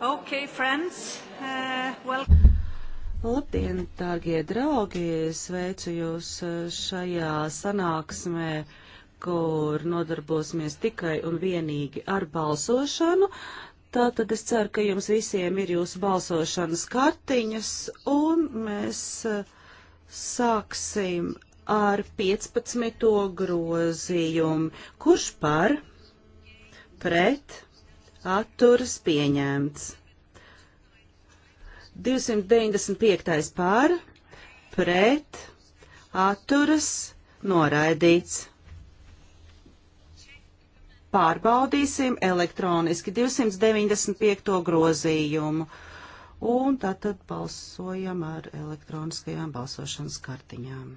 Okay, friends, uh, well... Labdien, dārgie draugi! Sveicu jūs uh, šajā sanāksmē, kur nodarbosimies tikai un vienīgi ar balsošanu. Tātad es ceru, ka jums visiem ir jūsu balsošanas kartiņas, un mēs uh, sāksim ar 15. grozījumu. Kurš par? Pret? atturas pieņemts. 295. pār, pret, atturas, noraidīts. Pārbaudīsim elektroniski 295. grozījumu. Un tātad balsojam ar elektroniskajām balsošanas kartiņām.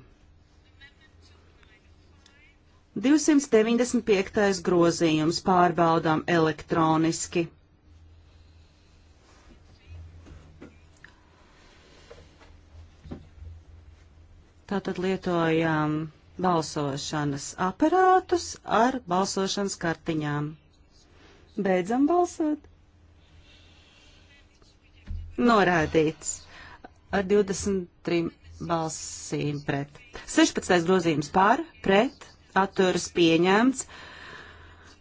295. grozījums pārbaudām elektroniski. Tātad lietojām balsošanas aparātus ar balsošanas kartiņām. Beidzam balsot. Norādīts ar 23 balsīm pret. 16. grozījums pār, pret, atturas pieņemts.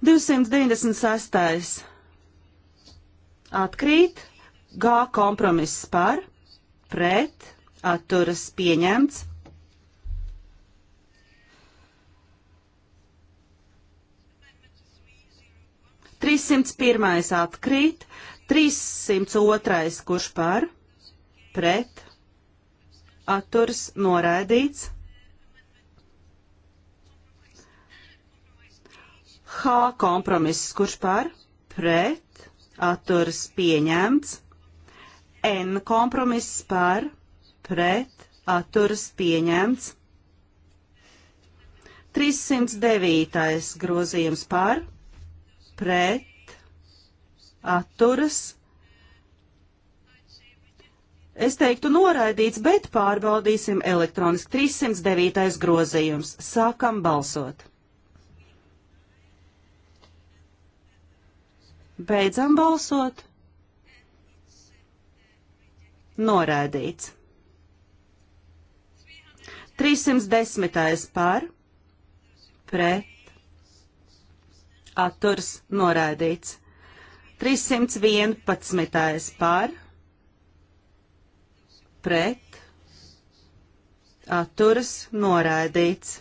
296. atkrīt, G kompromiss par, pret, atturas pieņemts. Trīssimts pirmais atkrīt, trīssimts otrais kurš par, pret, atturas noraidīts. H kompromiss, kurš par pret atturas pieņemts. N kompromiss par pret atturas pieņemts. 309. grozījums par pret atturas. Es teiktu noraidīts, bet pārbaudīsim elektroniski 309. grozījums. Sākam balsot. Beidzam balsot. Norādīts. 310. par, pret, atturs norādīts. 311. par, pret, atturs norādīts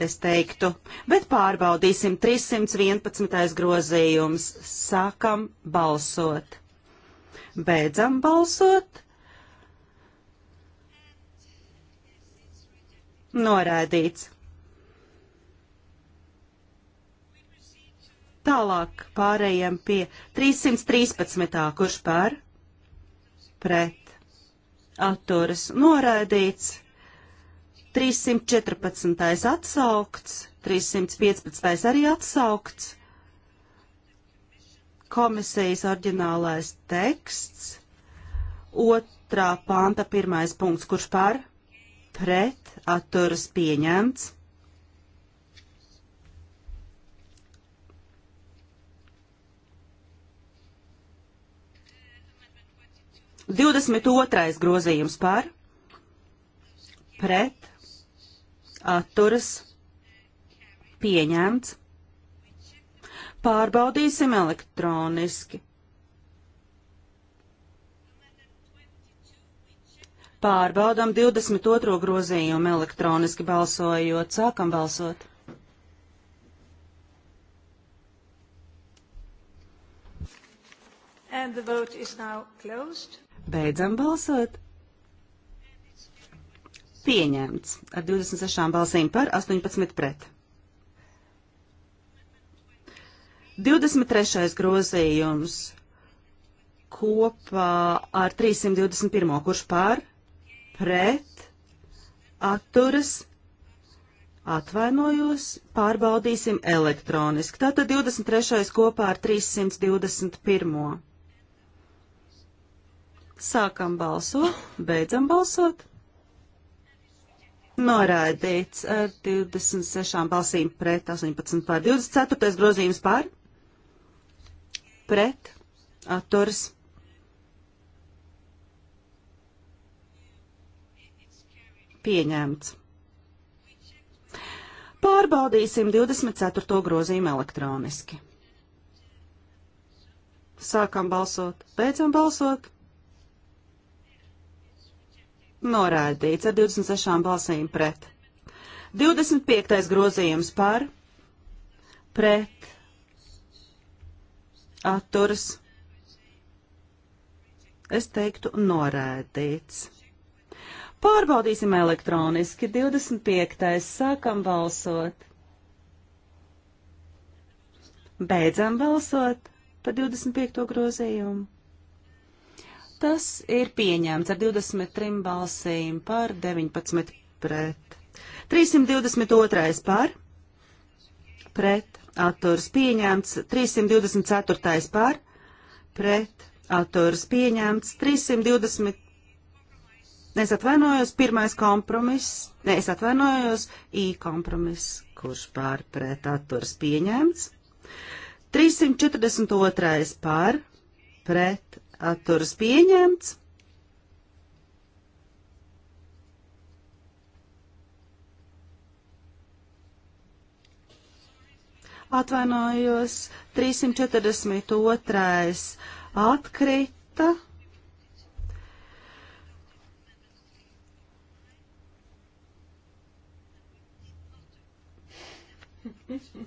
es teiktu, bet pārbaudīsim 311. grozījums. Sākam balsot. Beidzam balsot. Norādīts. Tālāk pārējiem pie 313. kurš par pret atturas norādīts. 314. atsaukts, 315. arī atsaukts, komisijas oriģinālais teksts, otrā panta pirmais punkts, kurš par pret atturas pieņemts. Divdesmit otrais grozījums par pret atturas pieņemts. Pārbaudīsim elektroniski. Pārbaudām 22. grozījumu elektroniski balsojot. Sākam balsot. Beidzam balsot pieņemts ar 26 balsīm par, 18 pret. 23. grozījums kopā ar 321. kurš par, pret, atturas, atvainojos, pārbaudīsim elektroniski. Tātad 23. kopā ar 321. Sākam balsot, beidzam balsot. Noraidīts ar 26 balsīm pret 18 pār. 24. grozījums pār. Pret. Atturs. Pieņemts. Pārbaudīsim 24. grozījumu elektroniski. Sākam balsot, beidzam balsot. Norādīts ar 26 balsīm pret. 25. grozījums par, pret, atturas, es teiktu, norādīts. Pārbaudīsim elektroniski. 25. sākam balsot. Beidzam balsot par 25. grozījumu. Tas ir pieņemts ar 23 balsīm par 19 pret. 322 par pret atturs pieņemts, 324 par pret atturs pieņemts, 320. Es atvainojos, pirmais kompromiss, ne, es atvainojos, I kompromiss, kurš pār pret atturs pieņemts. 342 pār pret atturas pieņemts. Atvainojos, 342. atkrita.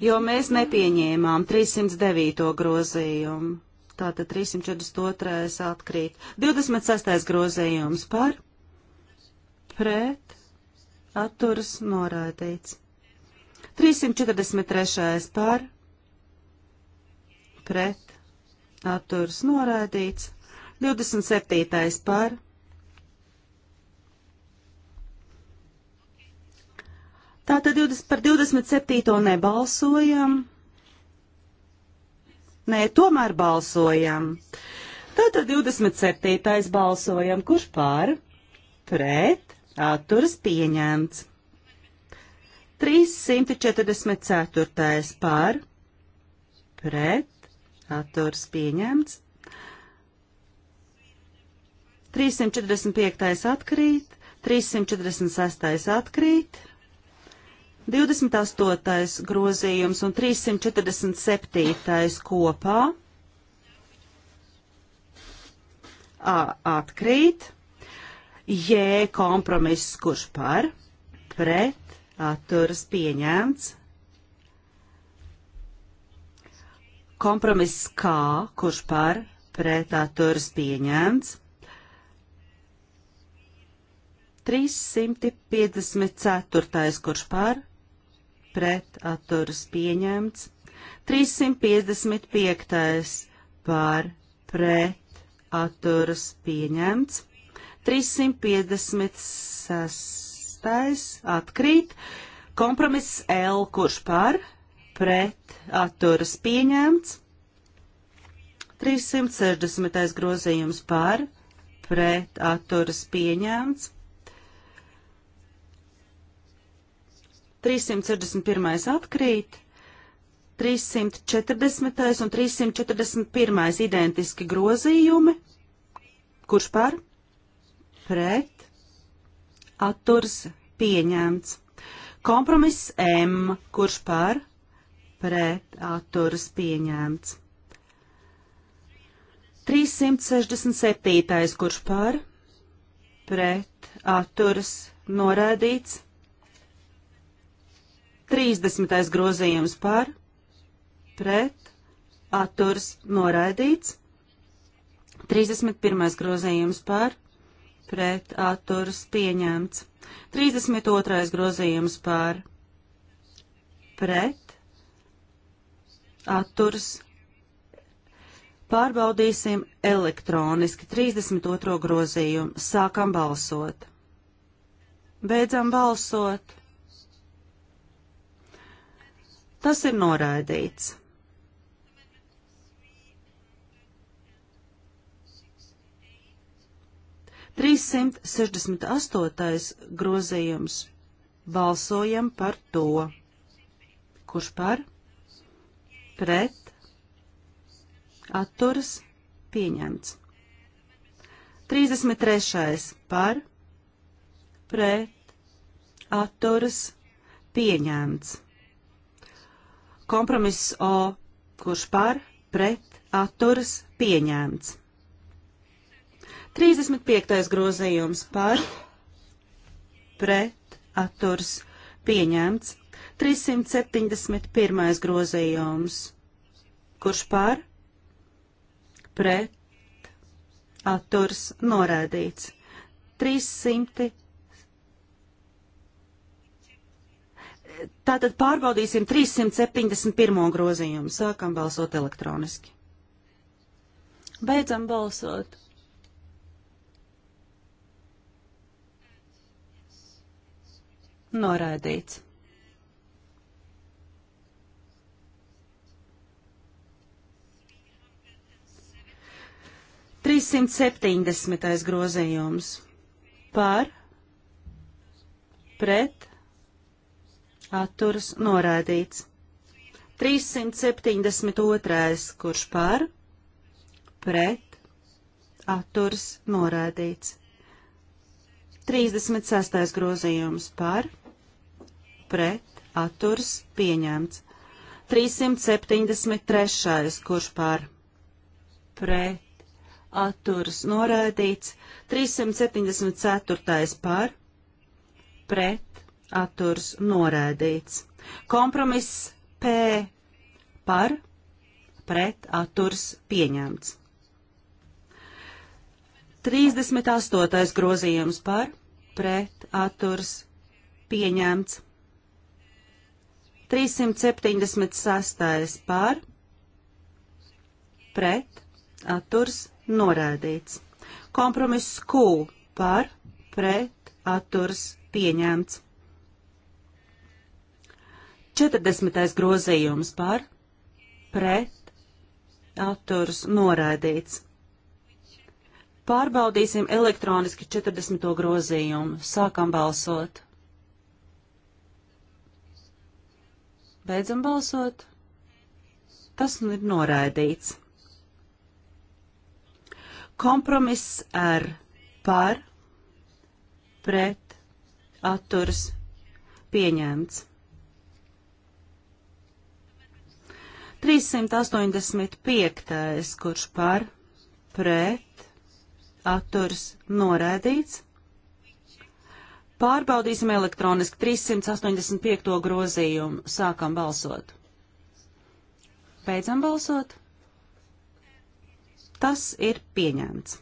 jo mēs nepieņēmām 309. grozījumu. Tātad 342. atkrīt. 26. grozījums par pret atturas noraidīts. 343. par pret atturas noraidīts. 27. par Tātad 20, par 27. nebalsojam. Nē, tomēr balsojam. Tātad 27. balsojam, kurš pār, pret, atturas pieņemts. 344. pār, pret, atturas pieņemts. 345. atkrīt, 346. atkrīt. 28. grozījums un 347. kopā A atkrīt, J kompromiss, kurš par, pret, atturas pieņemts, kompromiss K, kurš par, pret, atturas pieņemts, 354. kurš par, pret atturas pieņemts, 355. par pret atturas pieņemts, 356. atkrīt, kompromiss L, kurš par pret atturas pieņemts, 360. grozījums par pret atturas pieņemts, 361. atkrīt, 340. un 341. identiski grozījumi, kurš par, pret, atturs pieņemts. Kompromiss M, kurš par, pret, atturs pieņemts. 367. kurš par, pret, atturas, norādīts, 30. grozījums par, pret, atturs noraidīts. 31. grozījums par, pret, atturs pieņemts. 32. grozījums par, pret, atturs Pārbaudīsim elektroniski 32. grozījumu. Sākam balsot. Beidzam balsot. Tas ir noraidīts. Trīssimt sešdesmit astotais grozījums. Balsojam par to. Kurš par? Pret? Atturas? Pieņemts. 33. par? Pret? Atturas? Pieņemts. Kompromiss O, kurš par, pret, atturas, pieņēmts. 35. grozījums par, pret, atturas, pieņēmts. 371. grozījums, kurš par, pret, atturs norādīts. 300 Tātad pārbaudīsim 371. grozījumu. Sākam balsot elektroniski. Beidzam balsot. Noraidīts. Trīssimt septiņdesmitais grozījums par pret atturas noraidīts. 372. kurš par, pret, atturas noraidīts. 36. grozījums par, pret, atturas pieņemts. 373. kurš par, pret, atturas noraidīts. 374. par, pret, atturs norēdīts. Kompromiss P par pret atturs pieņemts. 38. grozījums par pret atturs pieņemts. 376. par pret atturs norēdīts. Kompromiss Q par pret atturs pieņemts. 40. grozījums par pret atturs noraidīts. Pārbaudīsim elektroniski 40. grozījumu. Sākam balsot. Beidzam balsot. Tas nu ir noraidīts. Kompromiss ar par, pret, atturs, pieņemts. 385. kurš par pret atturs norēdīts. Pārbaudīsim elektroniski 385. grozījumu. Sākam balsot. Beidzam balsot. Tas ir pieņemts.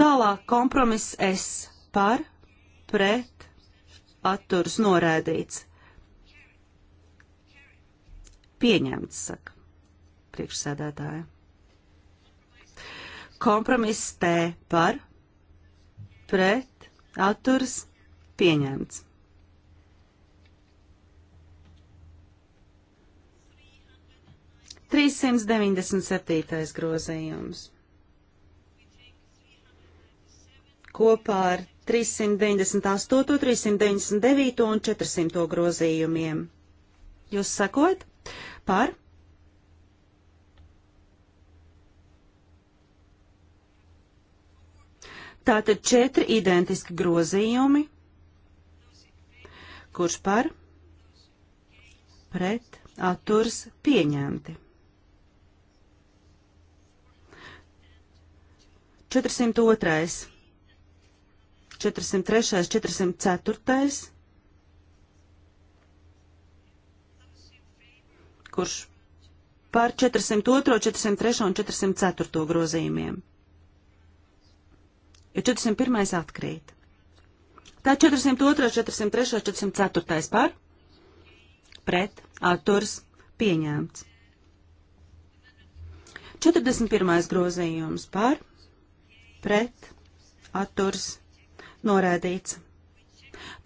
Tālāk kompromiss S par, pret, atturas norēdīts. Pieņemts, saka priekšsēdētāja. Kompromiss T par, pret, atturas, pieņemts. 397. grozījums. Kopā ar 398, 399 un 400 grozījumiem. Jūs sakot par? Tātad četri identiski grozījumi. Kurš par? Pret atturs pieņemti. 402. 403, 404. Kurš par 402, 403 un 404 grozījumiem. Jo 401 atkrīt. Tā 402, 403, 404 par pret atturs pieņemts. 41. grozījums par pret atturs pieņemts Norēdīts.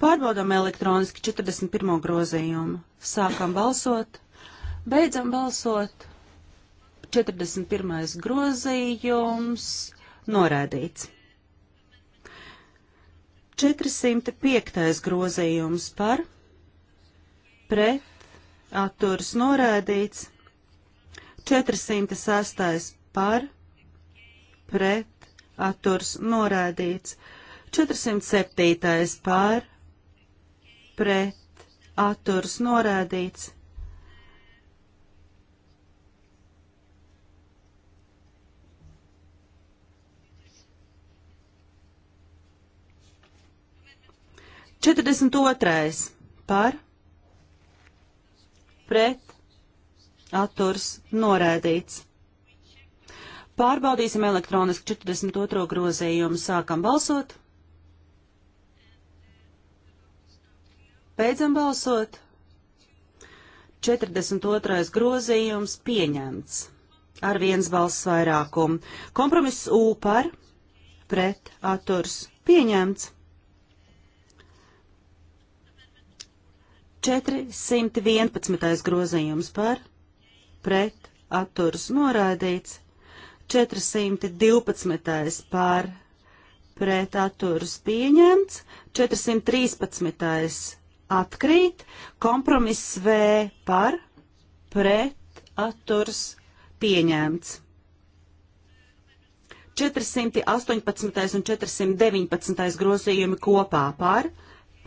Pārbaudām elektroniski 41. grozījumu. Sākam balsot, beidzam balsot. 41. grozījums norēdīts. 405. grozījums par pret atturs norēdīts. 406. par pret atturs norēdīts. 407. pār pret atturs norādīts. Četrdesmit otrais par pret atturs norādīts. Pārbaudīsim elektroniski 42. grozījumu. Sākam balsot. Beidzam balsot. 42. grozījums pieņemts ar viens balss vairākumu. Kompromiss U par pret atturs pieņemts. 411. grozījums par pret atturs noraidīts. 412. par pret atturs pieņemts. 413 atkrīt, kompromiss V par pret atturs pieņemts. 418. un 419. grozījumi kopā par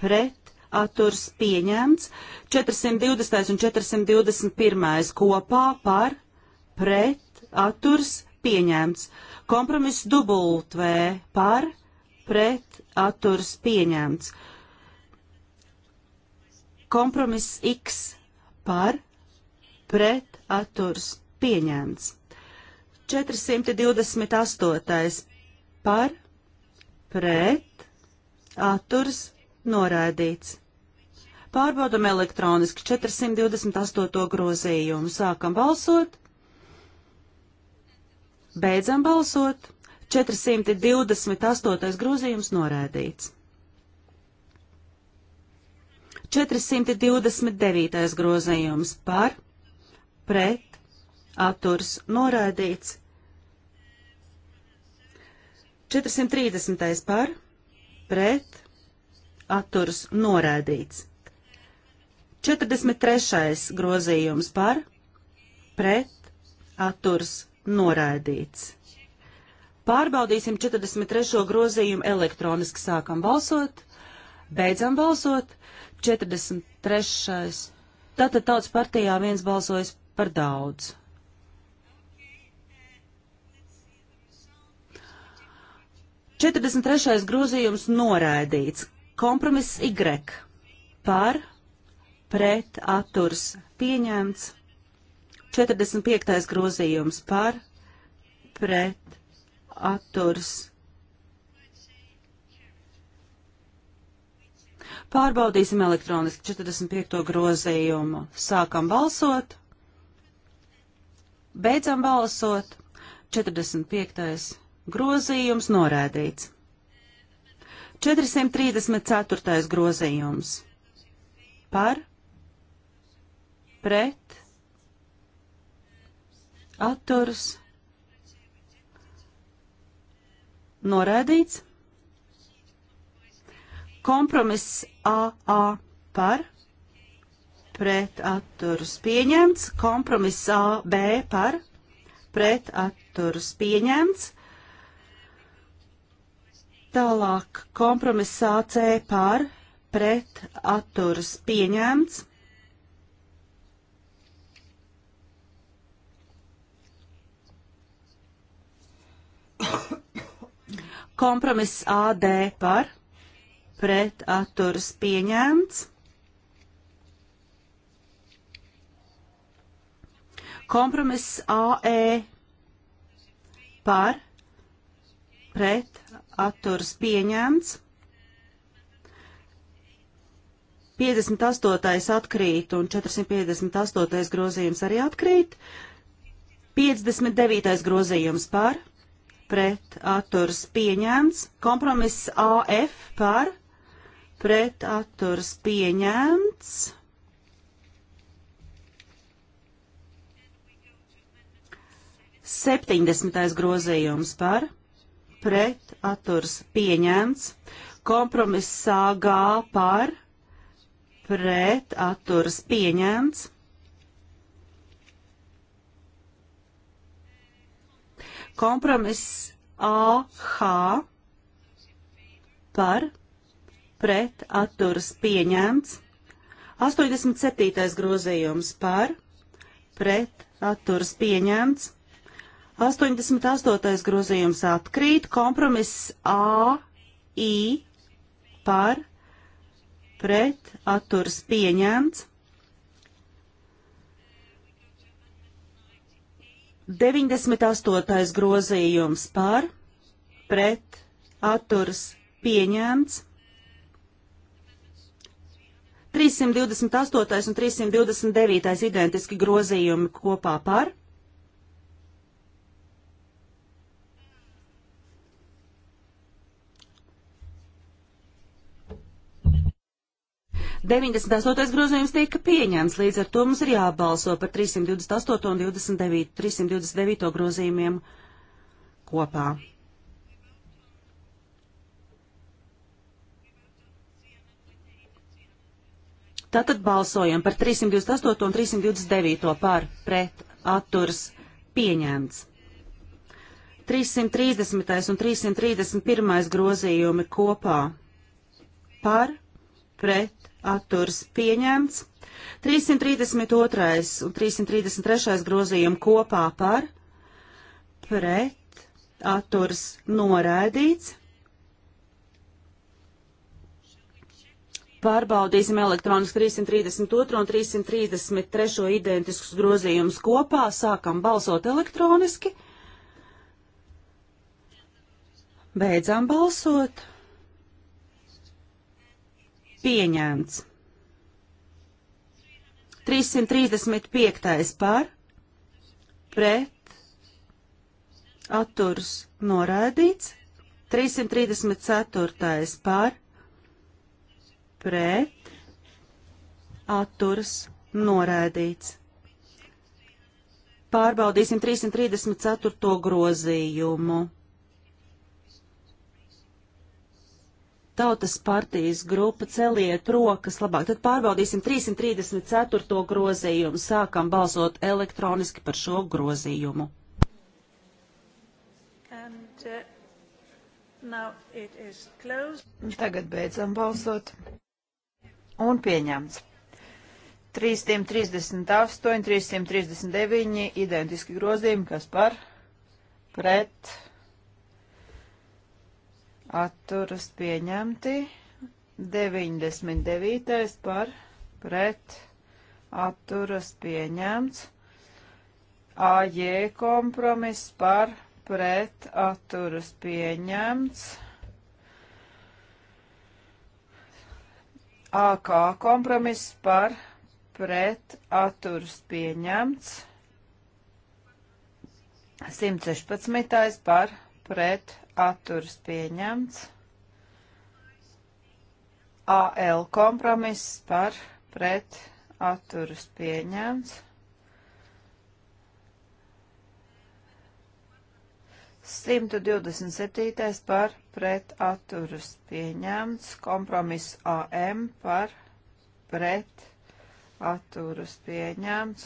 pret atturs pieņemts, 420. un 421. kopā par pret atturs pieņemts, kompromiss dubultvē par pret atturs pieņemts Kompromiss X par pret atturs pieņemts. 428. par pret atturs noraidīts. Pārbaudam elektroniski 428. grozījumu. Sākam balsot. Beidzam balsot. 428. grozījums norēdīts. 429. grozējums par, pret, atturs noraidīts. 430. par, pret, atturs noraidīts. 43. grozījums par, pret, atturs noraidīts. Pārbaudīsim 43. grozījumu elektroniski sākam balsot, beidzam balsot. 43. Tātad tautas partijā viens balsojas par daudz. Četrdesmit trešais grozījums noraidīts. Kompromiss Y. Par, pret, atturs, pieņemts. 45. grozījums par, pret, atturs, Pārbaudīsim elektroniski 45. grozījumu. Sākam balsot. Beidzam balsot. 45. grozījums norēdīts. 434. grozījums. Par, pret, atturs, norēdīts. Kompromiss AA par pret atturus pieņemts. Kompromiss AB par pret atturus pieņemts. Tālāk kompromiss AC par pret atturus pieņemts. kompromiss AD par pret atturas pieņemts. Kompromiss AE par pret atturas pieņemts. 58. atkrīt un 458. grozījums arī atkrīt. 59. grozījums par pret atturas pieņemts. Kompromiss AF par pret atturas pieņemts. Septiņdesmitais grozījums par pret atturas pieņemts. Kompromiss sāgā par pret atturas pieņemts. Kompromiss AH par pret atturas pieņemts. 87. grozījums par pret atturas pieņemts. 88. grozījums atkrīt. Kompromiss A, I par pret atturas pieņemts. 98. grozījums par pret atturas pieņemts. 328. un 329. identiski grozījumi kopā par. Deviņdesmit astotais grozījums tika pieņemts, līdz ar to mums ir jābalso par 328 un 29, 329 grozījumiem kopā. Tātad balsojam par 328 un 329 par pret atturs pieņemts. 330. un 331. grozījumi kopā par, pret, atturs pieņemts, 332. un 333. grozījumi kopā par, pret, atturs noraidīts, Pārbaudīsim elektroniski 332 un 333 identiskus grozījumus kopā. Sākam balsot elektroniski. Beidzām balsot. Pieņemts. 335. par, pret, atturs norādīts. 334. par, pret, atturas, noraidīts. Pārbaudīsim 334. grozījumu. Tautas partijas grupa celiet rokas labāk. Tad pārbaudīsim 334. grozījumu. Sākam balsot elektroniski par šo grozījumu. And, uh, Tagad beidzam balsot un pieņemts. 338, 339 identiski grozījumi, kas par pret atturas pieņemti, 99 par pret atturas pieņemts, AJ kompromiss par pret atturas pieņemts. AK kompromiss par pret atturs pieņemts. 116. par pret atturs pieņemts. AL kompromiss par pret atturs pieņemts. 127. par pret atturas pieņemts, kompromiss AM par pret atturas pieņemts,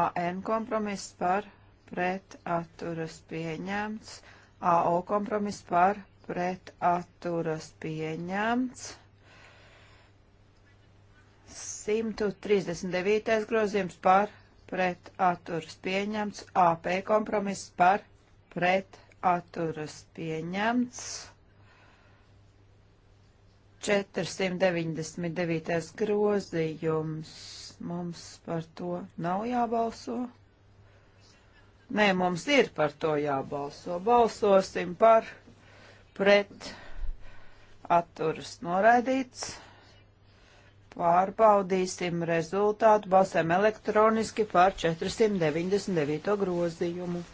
AN kompromiss par pret atturas pieņemts, AO kompromiss par pret atturas pieņemts. 139. grozījums par pret atturas pieņemts, AP kompromiss par pret pret atturas pieņemts. 499. grozījums. Mums par to nav jābalso. Nē, mums ir par to jābalso. Balsosim par pret atturas noraidīts. Pārbaudīsim rezultātu. Balsēm elektroniski par 499. grozījumu.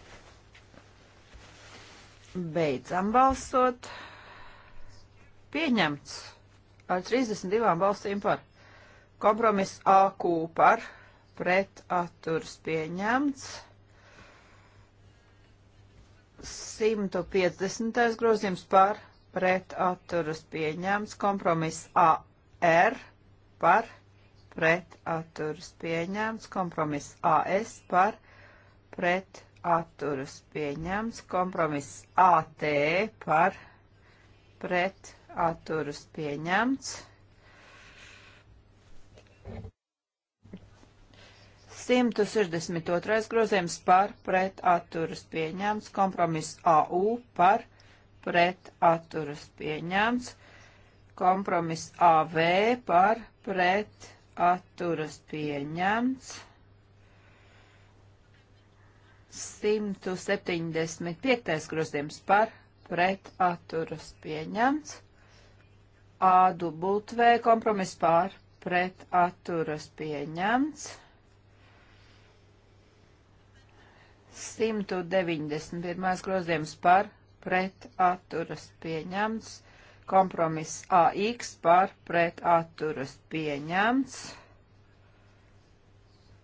Beidzam balsot. Pieņemts ar 32 balsīm par. Kompromiss AQ par pret atturs pieņemts. 150. grozījums par pret atturas pieņemts. Kompromiss AR par pret atturas pieņemts. Kompromiss AS par pret atturas pieņemts, kompromiss AT par pret atturas pieņemts. 162. grozījums par pret atturas pieņemts, kompromiss AU par pret atturas pieņemts, kompromiss AV par pret atturas pieņemts. 175. grozījums par pret atturas pieņemts. A dubultvē kompromiss pār pret atturas pieņemts. 191. grozījums par pret atturas pieņemts. Kompromiss AX par pret atturas pieņemts.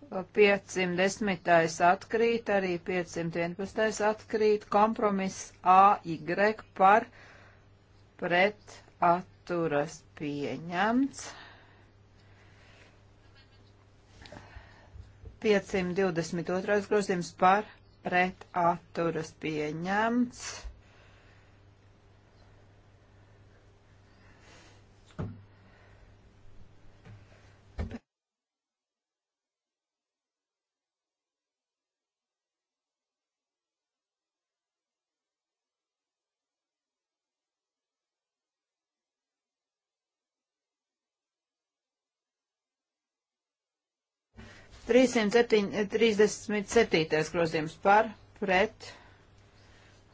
510. atkrīt, arī 511. atkrīt, kompromiss AY par pret atturas pieņemts. 522. grozījums par pret atturas pieņemts. 337. grozījums par pret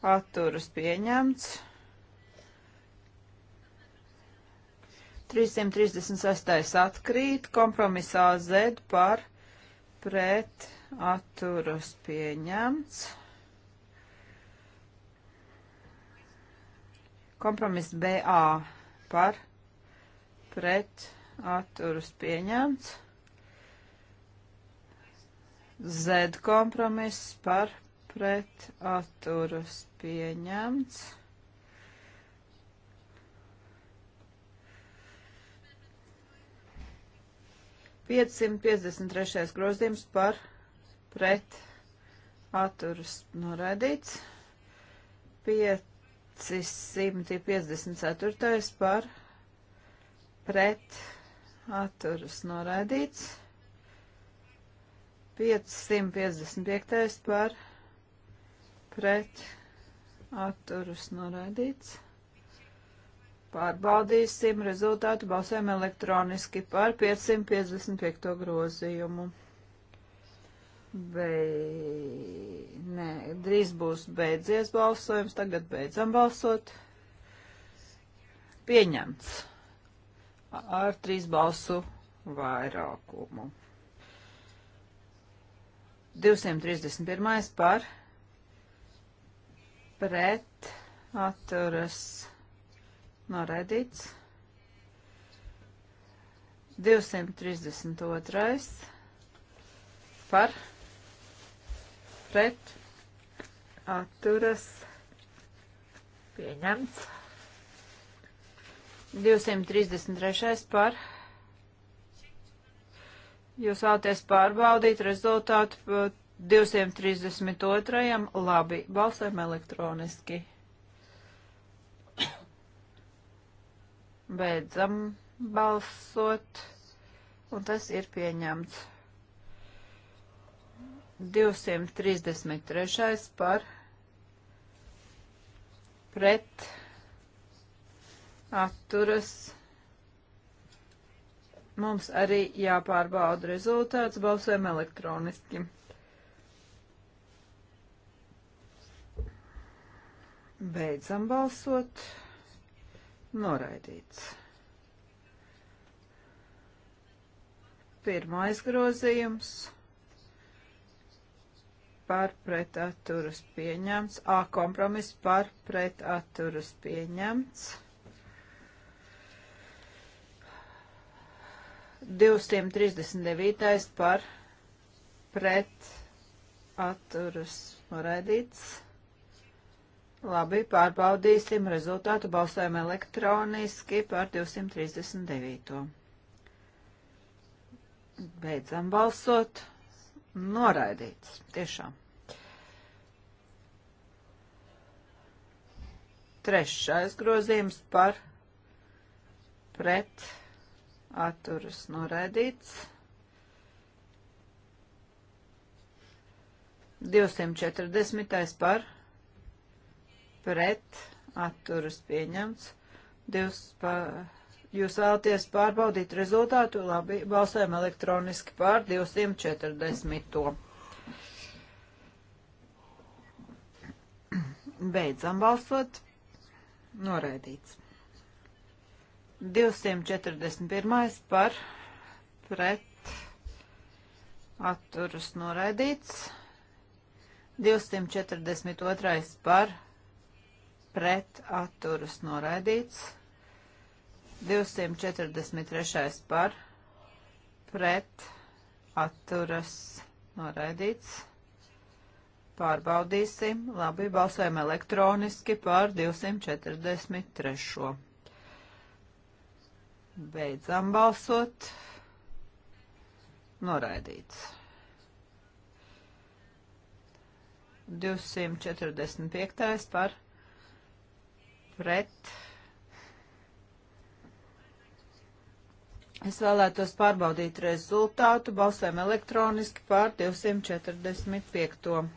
atturas pieņemts. 336. atkrīt, kompromisā Z par pret atturas pieņemts. Kompromiss BA par pret atturas pieņemts. Z kompromiss par pret atturas pieņemts. Piecsimt piecdesmit trešais grozījums par pret atturas noraidīts. Piecsimt piecdesmit ceturtais par pret atturas noraidīts. 555. par pret atturus noraidīts. Pārbaudīsim rezultātu balsēm elektroniski par 555. grozījumu. Bei... Nē, drīz būs beidzies balsojums, tagad beidzam balsot. Pieņemts ar trīs balsu vairākumu. 231. par pret atturas noraidīts. 232. par pret atturas pieņemts. 233. par pret Jūs vēlaties pārbaudīt rezultātu 232. Uh, Labi, balsēm elektroniski. Beidzam balsot, un tas ir pieņemts. 233. par pret atturas Mums arī jāpārbauda rezultāts, balsojam elektroniski. Beidzam balsot. Noraidīts. Pirmais grozījums par pretaturas pieņemts. A kompromiss par pretaturas pieņemts. 239. par pret atturas noraidīts. Labi, pārbaudīsim rezultātu. Balsojam elektroniski par 239. Beidzam balsot. Noraidīts. Tiešām. Trešais grozījums par pret atturas atturas noraidīts. 240. par pret atturas pieņemts. Divs par Jūs vēlaties pārbaudīt rezultātu? Labi, balsējam elektroniski pār 240. Beidzam balsot. Noraidīts. 241. par pret atturas noraidīts. 242. par pret atturas noraidīts. 243. par pret atturas noraidīts. Pārbaudīsim. Labi, balsojam elektroniski par 243. Beidzam balsot. Noraidīts. 245. par pret. Es vēlētos pārbaudīt rezultātu. Balsēm elektroniski pār 245.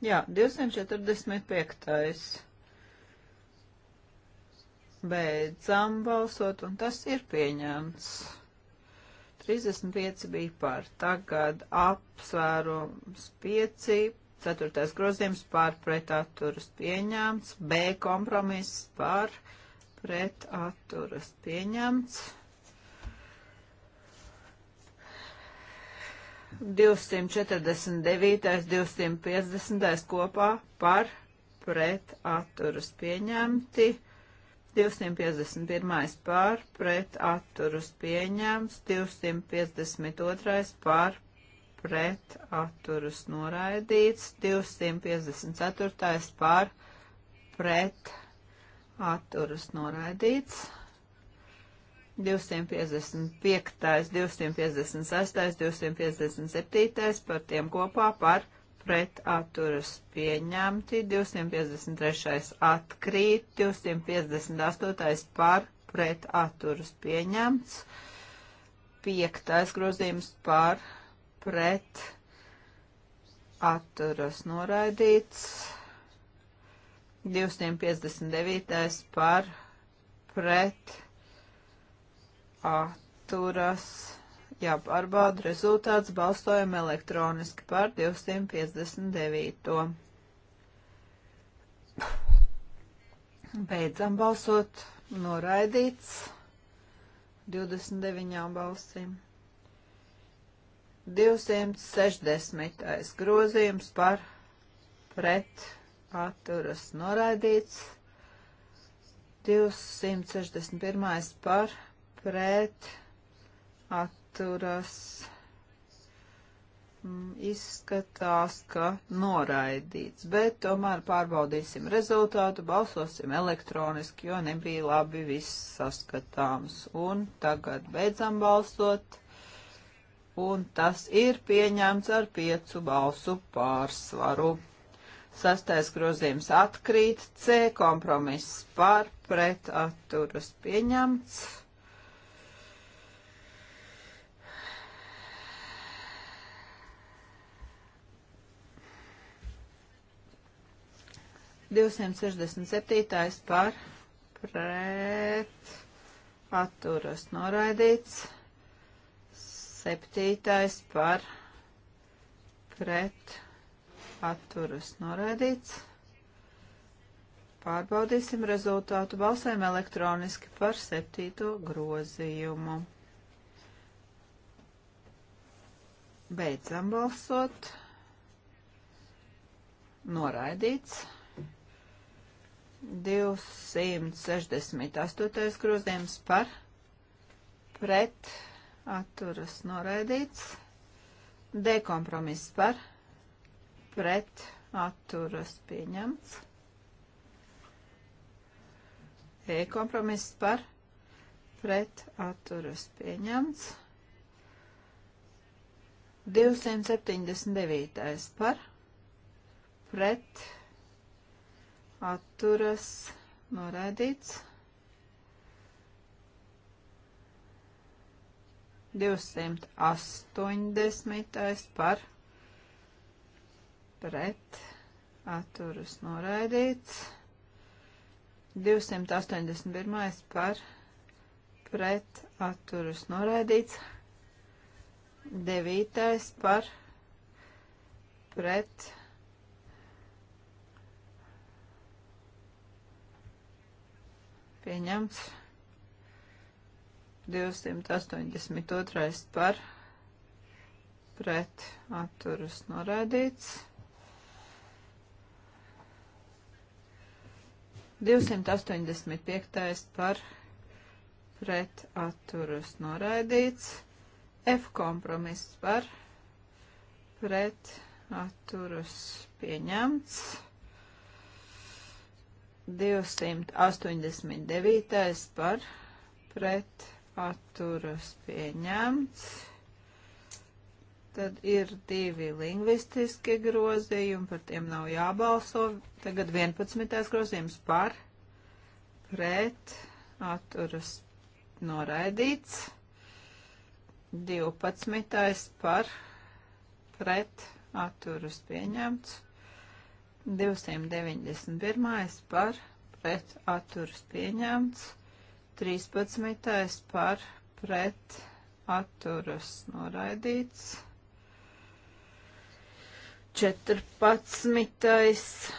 Jā, 245. Beidzām balsot, un tas ir pieņemts. 35 bija par. Tagad apsvērums 5, 4. grozījums par pretaturas pieņemts, B kompromiss par pretaturas pieņemts. 249, 250 kopā par pret atturus pieņemti, 251 par pret atturus pieņemts, 252 par pret atturus noraidīts, 254 par pret atturus noraidīts. 255, 256, 257 par tiem kopā par pret atturas pieņemti, 253 atkrīt, 258 par pret atturas pieņemts, 5. grozījums par pret atturas noraidīts, 259 par pret atturas pieņemts atturas jāpārbauda rezultāts balsojam elektroniski par 259. Beidzam balsot, noraidīts 29 balsīm. 260. grozījums par pret atturas noraidīts, 261. par pret pret atturas mm, izskatās, ka noraidīts, bet tomēr pārbaudīsim rezultātu, balsosim elektroniski, jo nebija labi viss saskatāms. Un tagad beidzam balsot, un tas ir pieņemts ar piecu balsu pārsvaru. Sastais grozījums atkrīt, C kompromiss par pret atturas pieņemts. 267. par pret atturas noraidīts. 7. par pret atturas noraidīts. Pārbaudīsim rezultātu. Balsēm elektroniski par septīto grozījumu. Beidzam balsot. Noraidīts. 268. grozījums par pret atturas noraidīts. D kompromiss par pret atturas pieņemts. E kompromiss par pret atturas pieņemts. 279. par pret atturas pieņemts atturas noraidīts. 280. par pret atturas noraidīts. 281. par pret atturas noraidīts. 9. par pret pieņemts. 282 par pret atturus noraidīts. 285 par pret atturus noraidīts. F kompromiss par pret atturus pieņemts. 289. par pret atturas pieņemts. Tad ir divi lingvistiski grozījumi, par tiem nav jābalso. Tagad 11. grozījums par pret atturas noraidīts. 12. par pret atturas pieņemts. 291. par pret atturas pieņemts, 13. par pret atturas noraidīts, 14.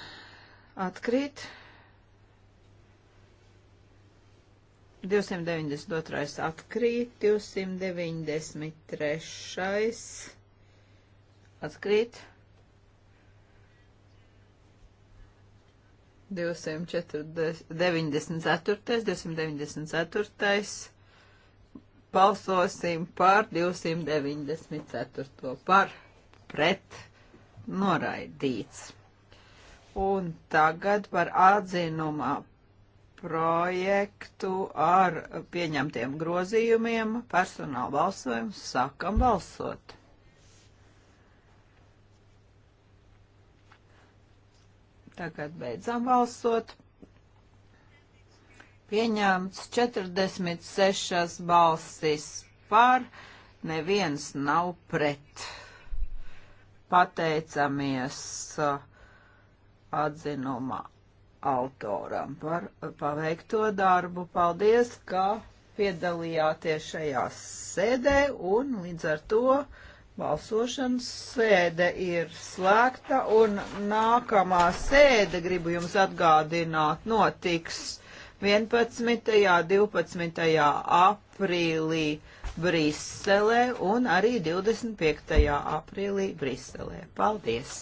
atkrīt, 292. atkrīt, 293. atkrīt, 294, 294. Balsosim par 294. par pret noraidīts. Un tagad par atzinumā projektu ar pieņemtiem grozījumiem personāla balsojumu sākam balsot. Tagad beidzam balsot. Pieņemts 46 balsis par, neviens nav pret. Pateicamies uh, atzinumā autoram par paveikto darbu. Paldies, ka piedalījāties šajā sēdē un līdz ar to. Balsošanas sēde ir slēgta un nākamā sēde, gribu jums atgādināt, notiks 11. un 12. aprīlī Briselē un arī 25. aprīlī Briselē. Paldies!